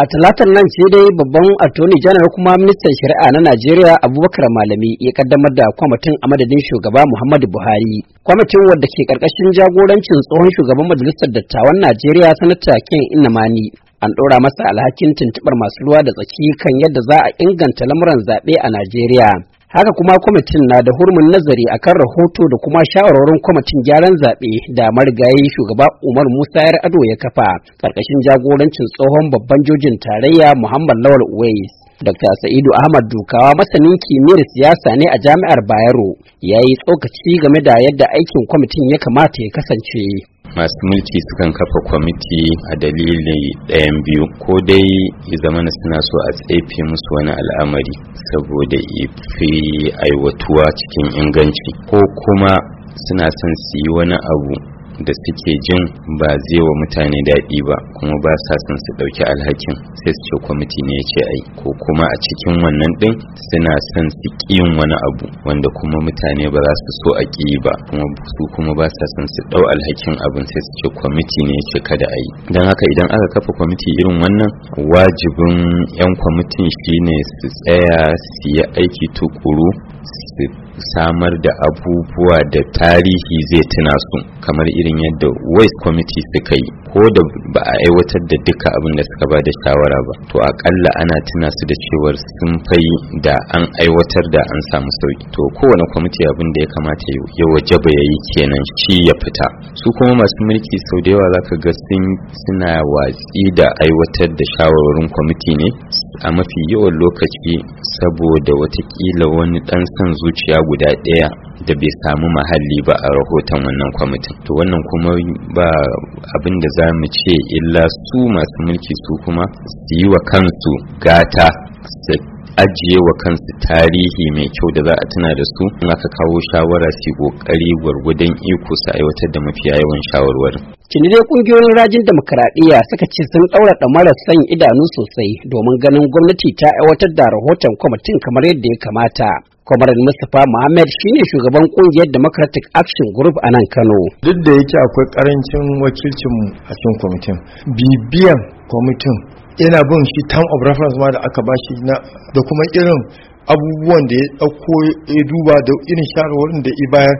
a talatan nan ce dai babban attorney general kuma ministan shari'a na najeriya abubakar malami ya kaddamar da kwamitin a madadin shugaba muhammadu buhari kwamitin wadda ke karkashin jagorancin tsohon shugaban majalisar dattawan najeriya sanata ken inamani an ɗora masa alhakin tuntuɓar masu ruwa da tsaki kan yadda za a inganta lamuran zaɓe a najeriya haka kuma kwamitin na da hurmin nazari akan rahoto da kuma shawarorin kwamitin gyaran zaɓe da marigayi shugaba umar musa yar ado ya kafa ƙarƙashin jagorancin tsohon babban jojin tarayya muhammad lawal uwais dr sa'idu ahmad dukawa masanin kimiyyar siyasa ne a jami'ar bayero ya yi tsokaci game da yadda aikin kwamitin ya kamata ya kasance masu mulki sukan kafa kwamiti a dalilin ɗayan biyu ko dai ya zama suna so a tsefe musu wani al'amari saboda ifi aiwatuwa cikin inganci ko kuma suna son su yi wani abu da suke jin ba zai wa mutane daɗi ba kuma ba sa son su ɗauki alhakin sai su ce kwamiti ne ya ce ai ko kuma a cikin wannan ɗin suna son su yin wani abu wanda kuma mutane ba za su so a ƙi ba kuma su kuma ba sa son su ɗau alhakin abin sai su ce kwamiti ne ya ce kada a yi don haka idan aka kafa kwamiti irin wannan wajibin 'yan kwamitin shine su tsaya su yi aiki tukuru su samar da abubuwa da tarihi zai tuna su kamar irin yadda waste committee suka yi ko da ba a aiwatar da duka abin da suka ba da shawara ba to akalla ana tuna su da cewar sun fai da an aiwatar da an samu sauki to kowane kwamiti abin da ya kamata ya wajaba ya yi kenan shi ya fita su kuma masu mulki sau da yawa zaka ga sun suna watsi da aiwatar da shawarwarin kwamiti ne a mafi yawan lokaci saboda watakila wani ɗan son zuciya guda ɗaya da bai samu mahalli ba a rahoton wannan kwamitin to wannan kuma ba abin da za mu ce illa su masu mulki su kuma su yi wa kansu gata ajiye wa kansu tarihi mai kyau da za a tuna da su in ka kawo shawara su kokari gwargwadon iko su aiwatar da mafiya yawan shawarwar Cini dai kungiyoyin rajin demokaradiyya suka ce sun ɗaura ɗamarar san idanu sosai domin ganin gwamnati ta aiwatar da rahoton kwamitin kamar yadda ya kamata. Kwamarin Mustapha Muhammad shine shugaban kungiyar Democratic Action Group a nan Kano. Duk da yake akwai karancin wakilcin a cikin kwamitin, bibiyan kwamitin yana bin shi term of reference ma da aka bashi na da kuma irin abubuwan da ya d'auko, ya duba da irin shawarwarin da ya bayar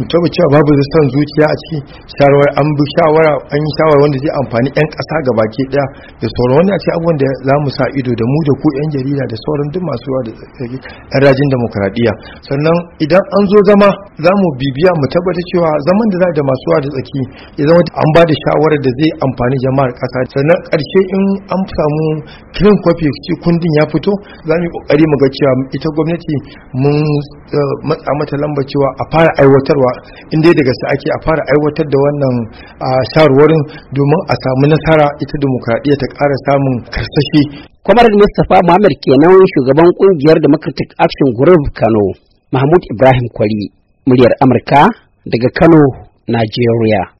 mu cewa babu san zuciya a ciki shawarar an bi shawara an yi shawara wanda zai amfani yan kasa ga baki ɗaya da sauran wanda a ce abubuwan da za mu sa ido da mu da ku yan jarida da sauran duk masu yawa da yan rajin demokradiyya sannan idan an zo zama za mu bibiya mu tabbata cewa zaman da za da masu yawa da tsaki ya zama an ba da shawarar da zai amfani jama'ar ƙasa sannan karshe in an samu kiran kwafi kundin ya fito za mu yi kokari mu ga cewa ita gwamnati mun uh, matsa mata lamba cewa a fara aiwatarwa inda daga gaske ake a fara aiwatar da wannan uh, shawarwarin domin a samu nasara ita demokradiyya ta ƙara samun karsashi kwamar mustapha muhammad kenan shugaban kungiyar democratic action group kano mahmud ibrahim kwari muryar amurka daga kano nigeria